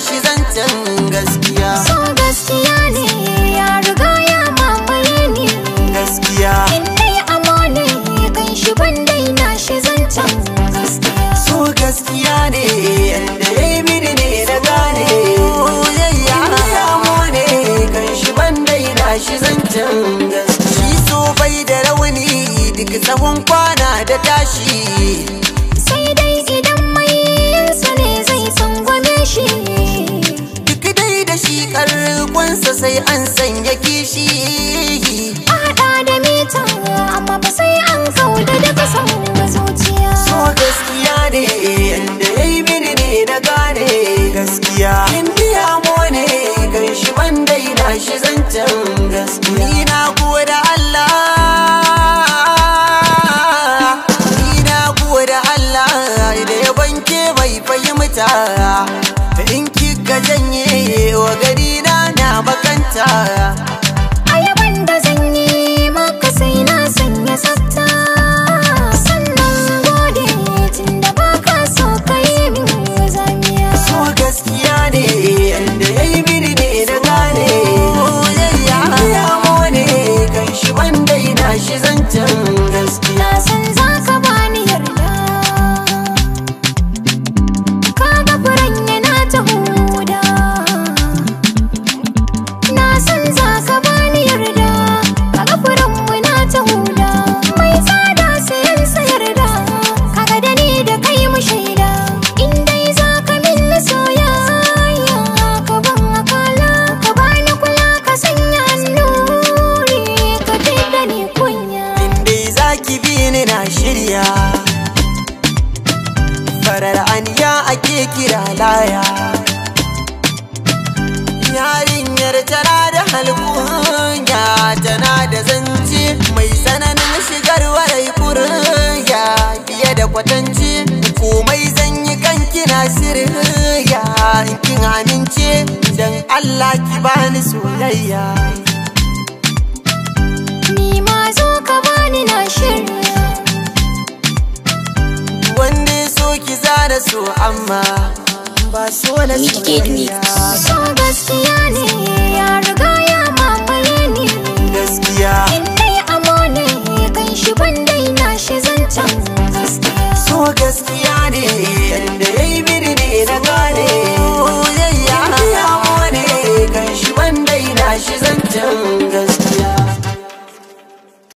shi zancen gaskiya so gaskiya ne ya riga ya mamaye ni gaskiya in dai amone kan shi ban na shi zancen gaskiya so gaskiya ne yanda ya yi mini ne na gane yayya ya amone kan shi ban na shi zancen gaskiya shi so bai da rauni duk tsawon kwana da tashi sai dai idan mai yansa ne zai tsangwame shi sai an sanya kishi a da mita amma ba sai an kauda daga sauwa zuciya so gaskiya ne yadda ya yi mini ne na gane gaskiya in biya ne gan shi man daina shi zancen matter. ki bini na shirya farar anya ake kira laya yarinyar tana da halkunya tana da zance mai tsananin shigar warai fiye da kwatanci komai zan yi kanki na kin amince don allah ki bani soyayya so amma ba so na so gaskiya ne ya riga ya mamaye ni gaskiya in dai amo ne kan shi ban dai na shi zanta so gaskiya ne yanda yayi birni na gane soyayya ya ne kan shi ban dai na shi zanta gaskiya